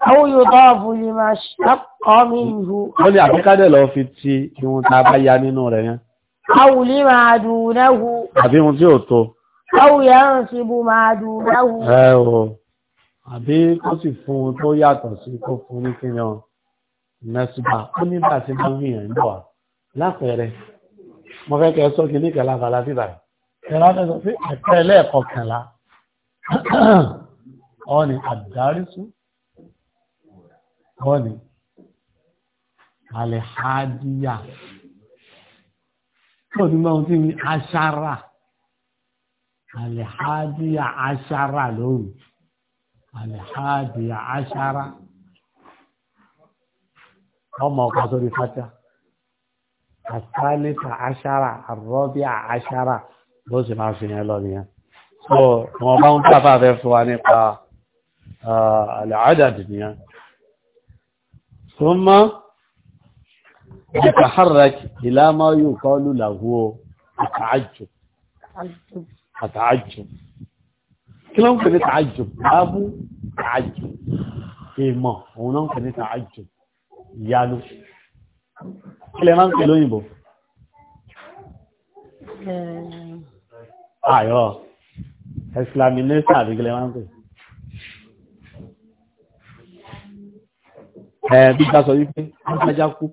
àwọn yóò bá àbúlé máa ṣàkọ́ mi ìhù. wọ́n ní àfikádẹ́ lọ fi ti ìhun tá a bá ya nínú rẹ̀ yẹn. àwùlé máa dùn náwó. àbí ohun tí ò tó. àwùyá ń ṣe bó máa dùn náwó. ẹ o àbí kó sì fún un tó yàtọ̀ sí kó fún ní kí yan mẹ́sùbà ó ní bá a ṣe máa ń yàn ń bọ̀ wá lápẹẹrẹ mo fẹ́ kẹ́ sọ́kì ní kẹlá balá síbà ẹ̀rọ afẹ́sọ̀ sí àpẹẹrẹ lẹ́ẹ̀kọ̀kànlá wọ́n ni àdárísù wọ́n ni alẹ́hádíyà tó ní máa tí ní aṣára alẹ́hádíyà aṣára lórí alẹ́hádíyà aṣára ọmọ ọkọ̀ sórí fátá àtàlẹ́fà aṣára àrọ́bíà aṣára bó sì máa fi yẹn lọ nìyẹn so wọn bá ń pàfà fẹ́ fún wa nípa al'adàdì ni a súnmọ́ ìtàháraki ìlàmà yóò kọlu làwọ́ àtàájò àtàájò kí ló ń pè ní tàájò lábú tàájò ìmọ̀ òun náà ń pè ní tàájò ìyanu kí lè máa ń pè lóyìnbó Ayọ̀ ẹ̀sìlámínẹ́sà àbíkẹ́lẹ́ máa ń pè ẹ̀ bí ká sọ wípé ájájá kú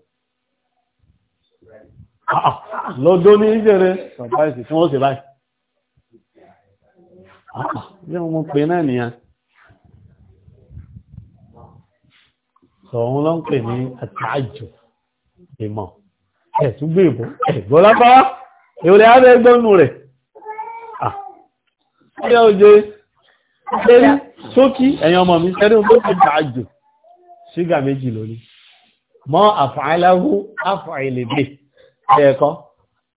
ah, ah, lọ́dọ́ ní ìjẹrẹ sọ̀páìsì fún ọ̀sẹ̀ báyìí yẹ́ wọn pè náà nìyàn sọ̀rún ló ń pè ní àtàjù ìmọ̀ ẹ̀túgbèbò ẹ̀gbọ́lápá ìwòlẹ̀ ààrẹ ẹgbọ́nù rẹ̀ ọjọ́ òjò ṣẹ́rí sókí ẹ̀yàn ọmọ mi ṣẹ́rí tó ti gbà jù ṣígà méjì lónìí mọ́ àfààláwú àfààlèdè ẹ̀ẹ̀kọ́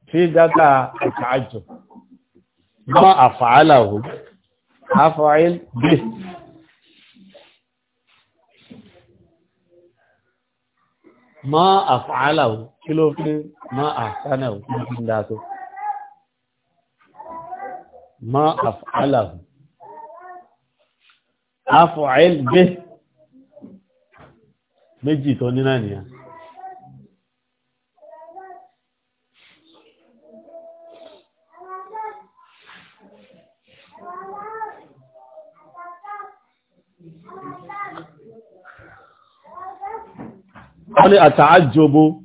fi dáta ẹ̀ka jù mọ́ àfààláwú àfààlèdè mọ́ àfààláwú kí ló fi mọ́ àfààláwú kí ló fi dáa tó ما أفعله أفعل به مجي توني نانيا يعني. قولي أتعجب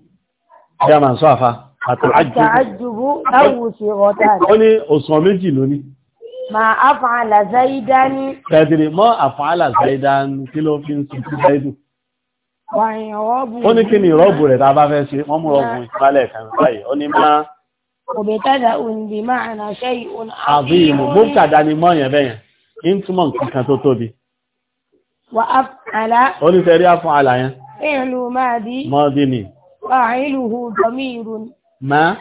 يا من صافا àtàájúbú láwùsí rọ̀tà. ó ní òsàn méjì lónìí. ma àfààlà záídá ní. kẹtìrì mọ́ àfààlà záídá ní kí ló fi ń sun sí záídù. ó ní kí ni ìrọ́bù rẹ̀ tá a bá fẹ́ ṣe wọ́n mú rọ́bù ìpalẹ̀ kan báyìí ó ní máa. òbẹ̀tàdà ma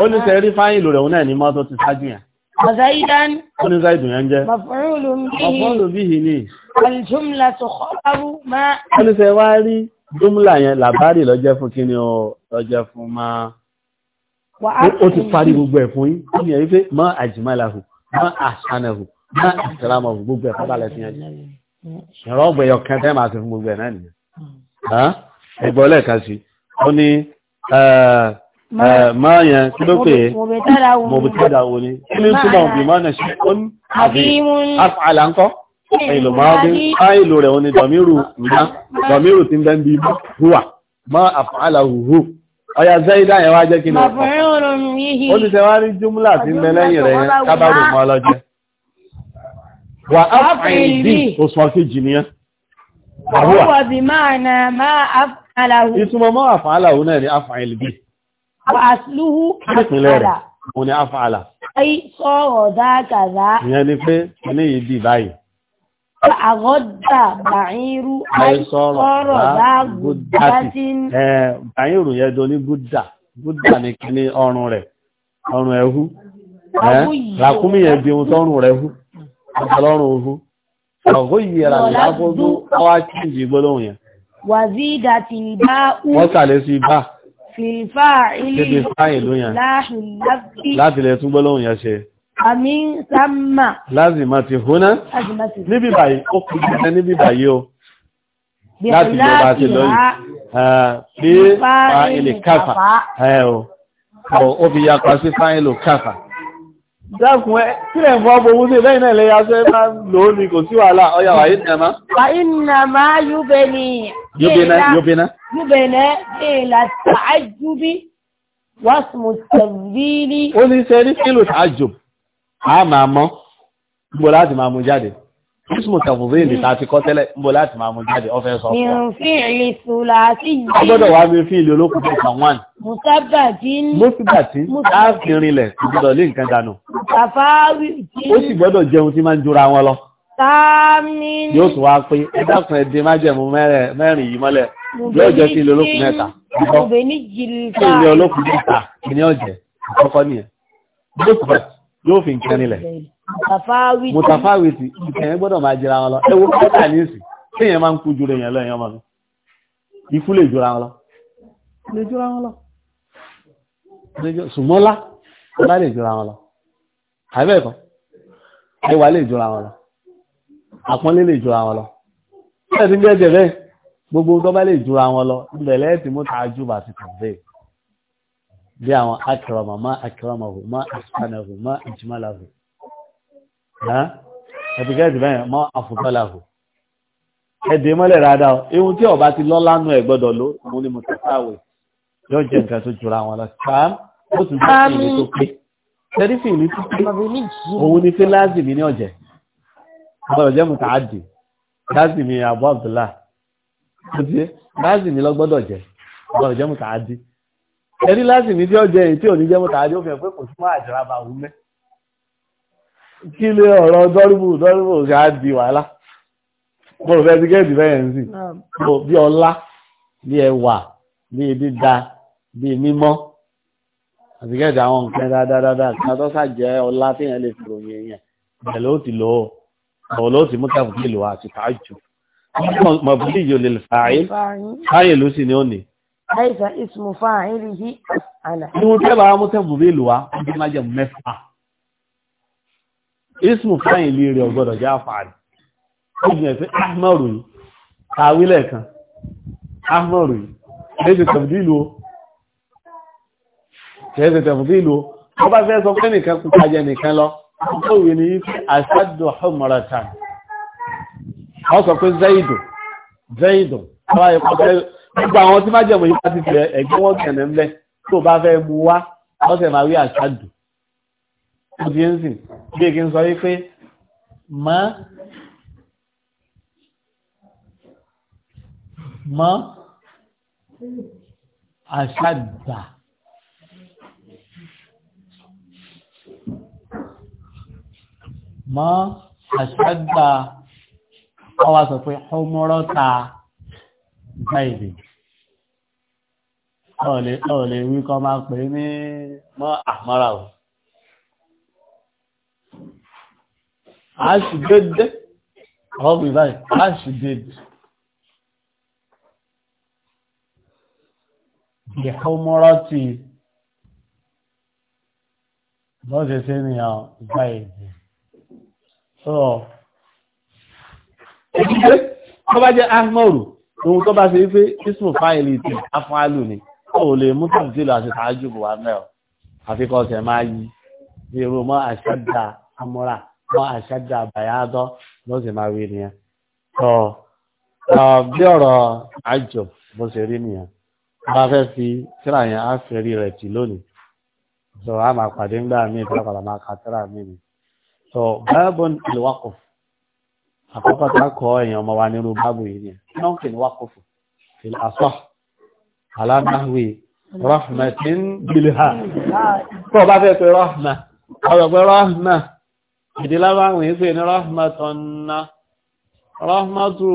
ó ní sẹ rí fáyìlù rẹ̀ náà ní mọ́ tó ti ṣáájú yẹn. Ọ̀záìdán. Ó ní Záìdùn yẹn jẹ́. Mọ̀fọ́rùlù bíhì ni. Àlùjúmùlà tó kọ́láwú máa. Ó ní sẹ wá rí júmùlà yẹn làbárì ni ó lọ́jẹ́ fún máa. Ó ti parí gbogbo ẹ̀ fún yín. Ó ní ẹ̀rí pé mọ́ àjùmọ̀láhù, mọ́ àṣánàhù, mọ́ àṣàlámọ̀hù gbogbo ẹ̀ fọ́bàlẹ̀ fi yẹn jẹ́. Ìrọ̀gbọ̀ ẹ̀yọ̀ kan tẹ́ máa ti fún gbogbo ẹ̀ náà Ẹgbọ́ hmm. lẹ́ẹ̀kan sí. Ó ní máa eh, yẹn kí ló pè é mọ̀bùtádà wo ni kí ló túnmọ̀ bí máa nà ṣe ó ní àfàlà ń kọ́ ìlú máa bí áìlò rẹ̀ ó ní dọ̀míru ìdá dọ̀míru ti ń bẹ́ ń bí húwà máa àfàlà hùhù ọya zẹ́ìdá yẹn wá jẹ́ kí ni ó ti sẹ́wá rí júmúlà tí ń bẹ lẹ́yìn rẹ̀ yẹn kábàrù mọ́ ọlọ́jẹ́ wà áfàìdì oṣù ọ̀kejì nìyẹn wà húwà ìtumọ̀ mọ́ àfàlà hù náà ni àfàìlì bíi wa asluhu àfàlà mo ní àfàlà. ayé sọ̀rọ̀ dákàdá. ìyẹn ni pé kíní yìí dì báyìí. wa àgọ́dà bàírú ayé sọ̀rọ̀ dá gúdàtì. ẹ bàírù yẹn do ní gúdà gúdà ní kíní ọrùn rẹ̀ ọrùn ẹ̀hú. ràkúmí yẹn di ohun tọrùn rẹ̀ hú ọlọ́run òhú ọ̀gọ́ ìyẹ̀rà ní àbọ́dún ọwá kí ìjì gbọ́lọ́hùn yẹn wàzídà ti bá wọ́n sàlẹ̀ sí bá fìlfà ilé láti lè tún gbọ́lọ́hùn yẹn ṣe àmì sáàmà láti má ti húnná níbi báyìí ó kù jẹ́ níbi báyìí o láti lè bá ti lọ́yìn bí fa ilé káfà ẹ̀ o ó fi yapa sí fa ilé káfà dákun ẹ kí lè fọ́ bọ̀ wúdé lẹ́yìn náà lẹ́yà sẹ́ máa lòó ni kò sí wà ní ẹ̀má. wà يبنى يبنى يبنى إلى التعجب واسم التذليل ó ní sẹ́rí kílò tààjò a máa mọ́ gbò láti máa mú jáde ismu tafuzili ta ti kọ́ tẹ́lẹ̀ gbò láti máa mú jáde ọfẹ́ sọ fún ọ. fíìlì sùlàsì yìí. a gbọ́dọ̀ wá mi fíìlì olókùn tó kàn wán. musabatin. musabatin láàfin rinlẹ̀ ìgbọ́dọ̀ lé nǹkan dànù. musafawi. sì gbọ́dọ̀ jẹun tí máa yóò tún wá pé ẹgbẹ́ kan ẹdín májẹ̀mú mẹ́rin yìí mọ́lẹ̀ yóò jẹ́ sí ilé olókùn mẹ́ta kí ilé olókùn mẹ́ta kì ní ọ̀jẹ̀ àkọ́kọ́ nìyẹn yóò tún bẹ̀ yóò fi nǹkan nílẹ̀ mùtàfáwìtì nǹkan yẹn gbọ́dọ̀ máa jẹra wọn lọ ẹwọ mẹ́ta ní ìsìn tí èèyàn máa ń kú jùlọ èèyàn lọ èèyàn mi ikú lè jura wọn lọ lè ọlá lè jura wọn lọ àbẹ́ẹ̀kọ́ ẹwà lè jura wọn lọ àpọ́nlé lè jura wọn lọ bẹ́ẹ̀ ti gbẹ́jẹ̀ bẹ́ẹ̀ gbogbo tó bá lè jura wọn lọ ìbẹ̀lẹ́ ti mú tààjú bá ti tàbí bí àwọn akẹrọmọ má akẹrọmọhù má asánahù má ìjìmálàhù ẹ̀tìkẹ́ẹ̀tì bẹ́ẹ̀ mọ́ àfùkọ́làhù ẹ̀dẹ̀ mọ́lẹ̀ rádá ọ ihun tí ọba ti lọ lánú ẹ̀ gbọ́dọ̀ ló mú ní mo ti sáwẹ̀ yóò jẹ́ nǹkan tó jura wọn lọ sáà ó tún jẹ́ ìlú tó pé tẹ́rífì ìlú tó pé òun ni fẹ́láàzì mi ní ọ̀jẹ̀ ọ̀rọ̀ jẹ́ mùtàádì láti mi àbú àbdùlá ọdí láti mi lọ́gbọ́dọ̀ jẹ́ ọ̀rọ̀ jẹ́ mùtàádì ẹni láti mi tí ó jẹ́ èyí tí ò ní jẹ́ mùtàádì ó fi hàn pé kò súnmọ́ àjọra bá wú mẹ́ kí lè ọ̀rọ̀ dọ́rùbù dọ́rùbù ṣe á di wàhálà mo rò fẹ́ ti gẹ́ẹ̀dì bẹ́yẹn sí bí ọlá bí ẹwà bí dídá bí mímọ́ àti gẹ́ẹ̀dì àwọn nǹkan dáadáa kan tó ṣàjẹ́ ọlá téèyàn lè fi ròyìn èèyàn bẹ̀ ló ti lò ó àwọn olóòsì mú tàbí ìlú àti tààjù mọ̀bílì yóò lè fàáyín fáyín ló sì ní òní. àìsàn ìsìnmù fáyín rí yí àlà. ní wọ́n tẹ́bàá mú tẹ́bù bí ìlú wa ó bí máa jẹ mẹ́fà ìsìnmù fáyín lè rí ọgbọ́dọ̀ já fàáyín ó jìnà sí ahmaru yìí àwílẹ̀ kan ahmaru yìí lẹ́sẹ̀ tẹ̀bù bí o lẹ́sẹ̀ tẹ̀bù bí o Ọkọ̀wé ni wípé àṣádùn ọmọràtà. Wọ́n sọ pé Zaidu, Zaidu, àwọn ìpàdé gbogbo àwọn tí má jẹ̀mọ̀ yípa ti fẹ̀ ẹ̀gbẹ́ wọn kẹ̀lẹ̀ ńlẹ̀ tó bá fẹ́ mú wá, wọ́n sì máa rí àṣádùn. Ó di ń sìn, bí kí n sọ mọ́ àṣẹ́gbà ọwà sọ pé ọmọrọ́ta gbáìdì ọ̀lẹ̀ wí kọ́ máa pè ní mọ́ àmọ́ra ò aṣìdédé ọ̀bí báyìí aṣìdédé ìhọmọ́rọ́tì lọ́sẹ̀sẹ̀ ni àwọn gbáìdì ẹ̀dígbé tó bá jẹ́ ahmaru ohun tó bá ṣe wípé ismu fáìlì tí afọ́álù ni ó lè mú tàbílù àti tàájú bùwá mẹ́ọ̀ àfikọ́ ọ̀sẹ̀ máa yí bí irú mọ́ àṣádà amúra mọ́ àṣádà bàyádọ́ lọ́sẹ̀ máa wí nìyẹn tó bí ọ̀rọ̀ àjò bó ṣe rí nìyẹn bá fẹ́ fi tíra yẹn á fẹ́ rí rẹ̀ tì lónìí tó a máa pàdé ńgbà míì tó a padà máa ka tíra míì so báàbùn ìwákọ̀ àkọ́kọ́ tá kọ́ èèyàn ọmọ wa nínú báàbù yìí ni iná kì ní wákọ̀ fún ìlà àṣọ aláàbáwì rahmatin bilha tó bá fẹ́ pé rahma ọ̀rọ̀ pé rahma ìdílé báwọn yìí pé ní rahmatun na rahmatu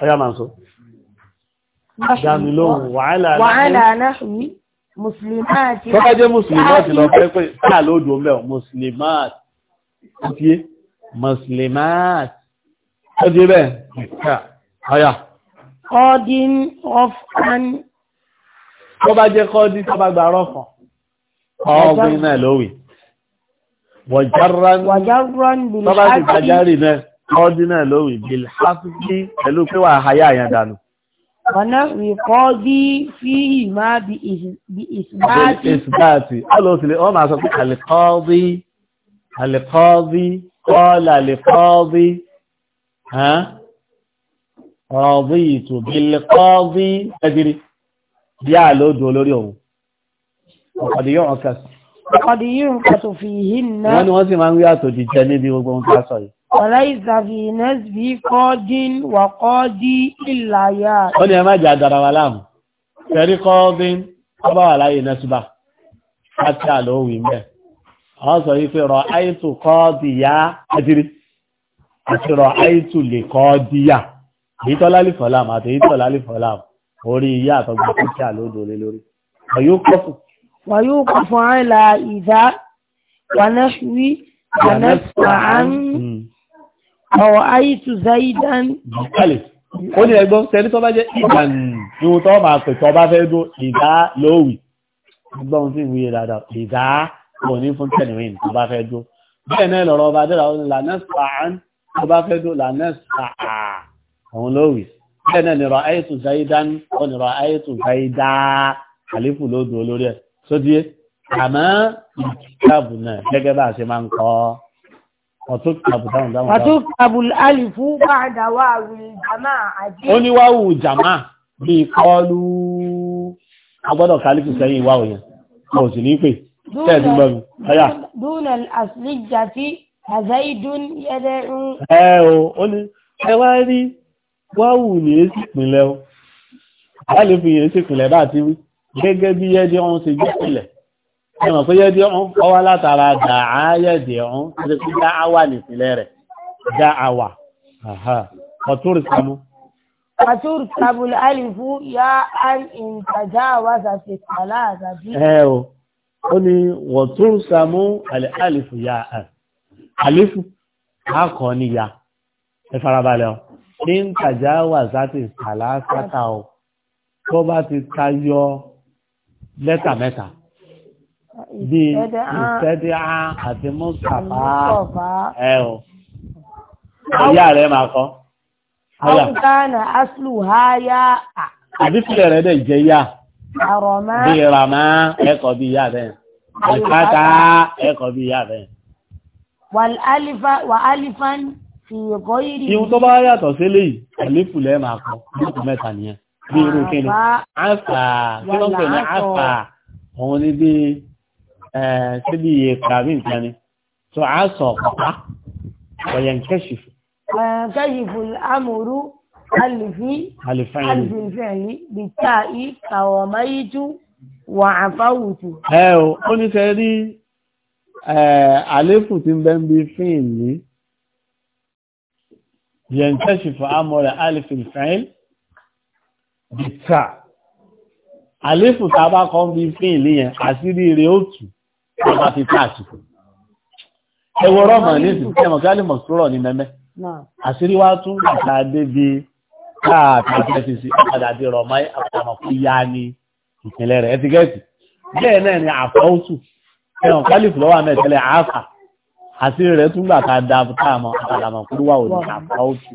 ọya máa sọ dámi lóhùn wàhálà náà mùsùlùmáàtì tọ́ká jẹ́ mùsùlùmáàtì lọ pẹ́ pé káà lóòdù mẹ́ mùsùlùmáàtì ọdíyé mùsùlùmáàtì ọdíyé bẹ́ẹ̀ ọya kọ́dín of an tọ́ bá jẹ́ kọ́dín tọ́ bá rọ́kàn ọgbìn náà lówì wọ̀járán tọ́ bá kọ́dínà lórí bil hafifi pẹ̀lú pé wà háyà yẹn dànù. ọ̀nà ìkọ́dí fi ìmá bí ìsìbáàtì. ìsìbáàtì ọlọ́sílẹ̀ wọ́n máa sọ pé àlẹ́kọ́dí àlẹ́kọ́dí kọ́ọ̀lá àlẹ́kọ́dí ọ̀dí ìtò bílẹ̀kọ́dí ẹgbẹ̀rẹ̀ bí a ló dùn olórí òun ọ̀kọ̀dí yóò ọ̀kà sí. ọ̀kọ̀dí ọ̀kà tó fi yìí وليس في نسبه قاد وقادي إلا يا ó ní ẹ má jà dára wa láàmú tẹ̀rí kọ́ọ́dín ọba wà láyé nẹ́sùbà láti àlòówì mẹ́ ọ sọ wípé rọ àìtù kọ́ọ́dì yá ajiri àti rọ àìtù lè kọ́ọ́dì yá èyí tọ́lá lè fọ́làm àti èyí tọ́lá orí iyá àtọ́gbà títí àlòdòlé lórí ọ̀yọ́ kọ́fù. wàyó kọ́fù àìlà ìdá wà náà wí wà ọ̀rọ̀ àìtù zaidan alif ó ní ẹgbọ́n tẹ́lí tó bá jẹ́ ìdàn ní o tọ́ máa pè tọ́ bá fẹ́ dó ìdá lóòwì gbọ́n sí ìwúye dáadáa ìdá kò ní fún tẹ̀lé tó bá fẹ́ dó bẹ́ẹ̀ náà lọ́rọ̀ ọba dára ó ní lànàṣàán tó bá fẹ́ dó lànàṣàá àwọn lóòwì bẹ́ẹ̀ náà nìrọ̀ àìtù zaidan ó nìrọ̀ àìtù zaida àlífù lóòdù olórí ẹ̀ Àtúkàbù alìfú ba'da wáwù jàmáà àti. Ó ní wáwù jàmáà bí kọlu agbọ́dọ̀ kálífù sẹ́yìn wáwù yẹn. Mo sì ní pè. Tẹ́ẹ̀sì gbọ́ mi. o, ó ní ẹ wá rí wáwù ní èsì ìpínlẹ̀ o. Kálífù yẹn èsì ìpínlẹ̀ bá ti ẹmọ̀ pé yẹ́ díọ̀ún ọwá látara dàáyẹ̀ díọ̀ún tí kí dá àwà nìpínlẹ̀ rẹ̀ dá àwà ọ̀túrì samú. ọ̀túrì samú alifu ya an ìtajà wa ṣàṣe kàlá àgàbí. ẹ o ó ní wọ̀túrì samú alifu ya an alifu akọ ni ya ẹ farabalẹ̀ o ní ìtajà wa ṣàṣe kàlá sátà o tó bá ti tayọ lẹ́tà mẹ́ta bí ìṣẹ́díá ah. ah, àti mustapha ẹ o ìyá rẹ máa kọ́. ọ̀gánà aṣlù háyà. àdífilẹ̀ rẹ̀ dẹ̀ jẹ́ yá. àrọ̀má. bí ràmá ẹ̀kọ́ bí yá rẹ̀. àlùfáàtà ẹ̀kọ́ bí yá rẹ̀. wà álífán fi ẹ̀kọ́ yìí rí. ihun tó bá yàtọ̀ sílẹ̀ yìí àlífù lẹ́ máa kọ́ nípa mẹ́ta nìyẹn. bí irú kí ni. àfà kí ló ń pè ní àfà òun ni bíi. Eh, síbi iye kàbí nǹkan ni tó a sọ ọ̀pá ọ̀yẹ̀ nkẹ́ṣì fún. Eh, nkẹ́ṣì fún amòrú alifi alifẹ́ni bìtá ìkàwọ̀máyíjú wà àfáwùtù. ẹ o ó ní sẹ rí eh, àlékù tí ń bẹ́ ń bí fíìn ní yẹnkẹ́ṣì fún amòrú wọ́n bá fi káàkiri. ẹwọ rọ́mà nísìn tí ẹmọ̀ gálì mọ̀ sọ́rọ̀ ní mẹ́mẹ́ àṣírí wá tún àtà débi káàkiri ti sí ọ̀padà di rọ̀mọ́ àpamọ̀ fún ya ní ìpínlẹ̀ rẹ̀ ẹtíkẹ́ẹ̀tì bẹ́ẹ̀ náà ni àfọ́ọ́sù ẹmọ̀ gálì fúlọ́wà mẹ́tẹ́lẹ̀ àáfà àṣírí rẹ̀ tún gbà ká da táàmọ̀ àtàlàmọ̀ kúrúwà òní àfọ́ọ́sù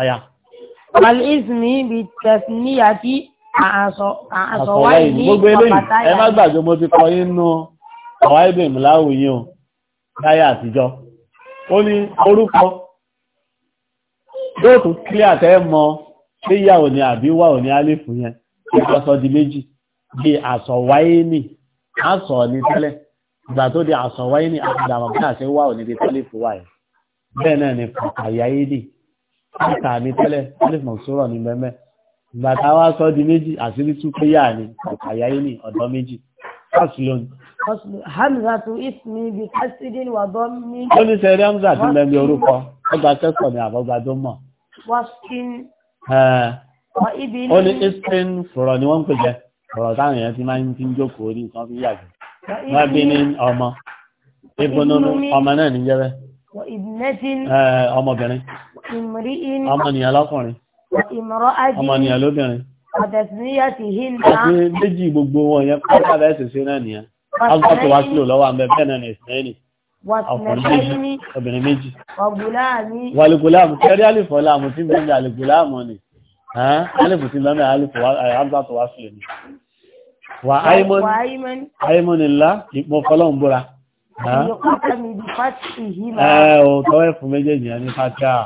ọ̀yà. wàlíìsìn ibi tẹ̀síníyàtì àṣọ wáyé ní ìpàpàtà àwọn ibùn ìmìláwò yíò láyé àtijọ́ ó ní orúkọ yóò tún kílé àtẹ́ mọ pé yàwó ni àbí wà ò ní yẹn ìgbàsọ di méjì bí àsọ wáyé ní àsọ ní tẹ́lẹ̀ ìgbà tó di àsọ wáyé ní àdàmọ̀ bí àṣẹ wà ò ní di tẹ́lẹ̀fù wáyé bẹ́ẹ̀ náà ni fàkàyáyé ní fàkà ní tẹ́lẹ̀ tẹ́lẹ̀fù sọ̀rọ̀ ní mẹ́mẹ́ ìgbà táwa sọ di méjì àṣírí hamzatu ismi bi kasidin wa dọ́mí. ó ní sẹ́rí hamza ti mẹ́mí orúkọ ọgbà kẹ́kọ̀ọ́ ni àbọ̀gbà tó mọ̀. waskin. ó ní iskin fọ̀rọ̀ ni wọ́n ń pè jẹ́ fọ̀rọ̀ táwọn èèyàn ti máa ń fi jókòó rí nǹkan fi yàgò. wọ́n bí ní ọmọ ìbùnú ọmọ náà ní jẹ́rẹ́. ọmọbìnrin. ọmọnìyàn lọ́kùnrin. ọmọnìyàn lóbìnrin. àtẹ̀síníyà ti hìn náà. àti méjì gbogbo wọn yẹn kọ́ alfàtò wá sílò lọ́wọ́ àmì ẹ̀fẹ́ náà ìsìnlẹ́ni ọkùnrin méjì obìnrin méjì wàlùkùláàmù kẹrí àlìfọ́ láàmù tí bẹ́ẹ̀ àlùkùláàmù ni alìfù tí lọ́nà alfàtò wá sílò ni wà áìmọ́nìlá mo fọ́lọ́n búra ọ̀tọ́ ẹ̀fù méjèèjì ní fàtíà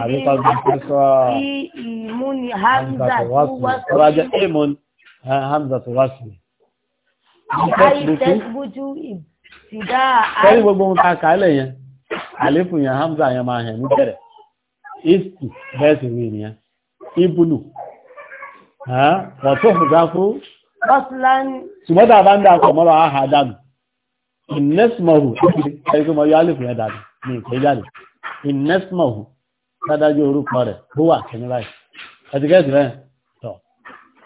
àríkọ́ Hamza tó wá sílò. Sẹ́yìn gbogbo ohun ta kàálẹ̀ yẹn, àléfù yẹn, Hamza yẹn máa hẹ̀ ní bẹ̀rẹ̀. Ìsì bẹ́ẹ̀sì rí ìrìyàn. Ìbùlù. Wọ́n tó fùgá fún. Ṣùgbọ́dà bá ń dàkọ̀ mọ́rọ̀ àhà dànù. Ìnẹ́sìmọ̀hù. Ẹni tó mọ yọ àléfù yẹn dànù ní ìpẹ́ jáde. Ìnẹ́sìmọ̀hù. Sádájú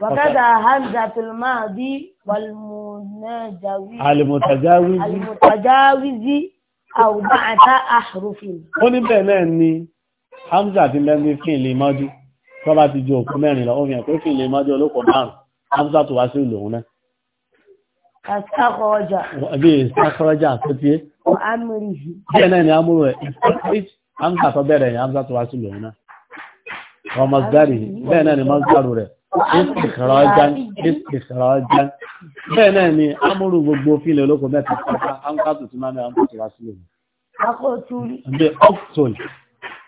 وكذا همزة الماضي والمنجوي المتجاوز المتجاوز أو بعد أحرف ó ní bẹ́ẹ̀ náà ni hamza ti lẹ́ni fi lè mọ́jú tó bá ti ju òkú mẹ́rin lọ òfin ẹ̀kọ́ fi lè mọ́jú olókùn márùn hamza tó wá sí ìlòun náà kàtàkọ̀ọ́jà bí ìsàkọ̀ọ́jà tó ti é bẹ́ẹ̀ náà ni amúrò ẹ̀ hamza tó bẹ̀rẹ̀ hamza tó wá sí ìlòun náà ọmọ zari bẹ́ẹ̀ náà ni mọ́jú rẹ̀ ìsìnkìrọ̀ọ́já bẹ́ẹ̀ náà ni amúrù gbogbo fílẹ̀ olóko mẹ́ta pátá áńkàtù tí máa ń àwọn ìtura sílẹ̀ mi. akọ́túrí. ǹdẹ ọ́kùtòlì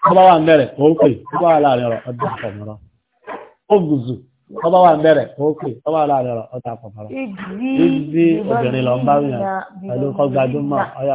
ọba wa ń bẹ̀rẹ̀ kóókè ọba wa láàrin ọ̀rọ̀ ọdún àpọ̀mọ́rọ́ ọ̀gùzù ọba wa ń bẹ̀rẹ̀ kóókè ọba wa láàrin ọ̀rọ̀ ọdún àpọ̀mọ́rọ́. ìdí obìnrin lọ ń bá yàn pẹ̀lú kọ́gbádùn mọ́ ọyá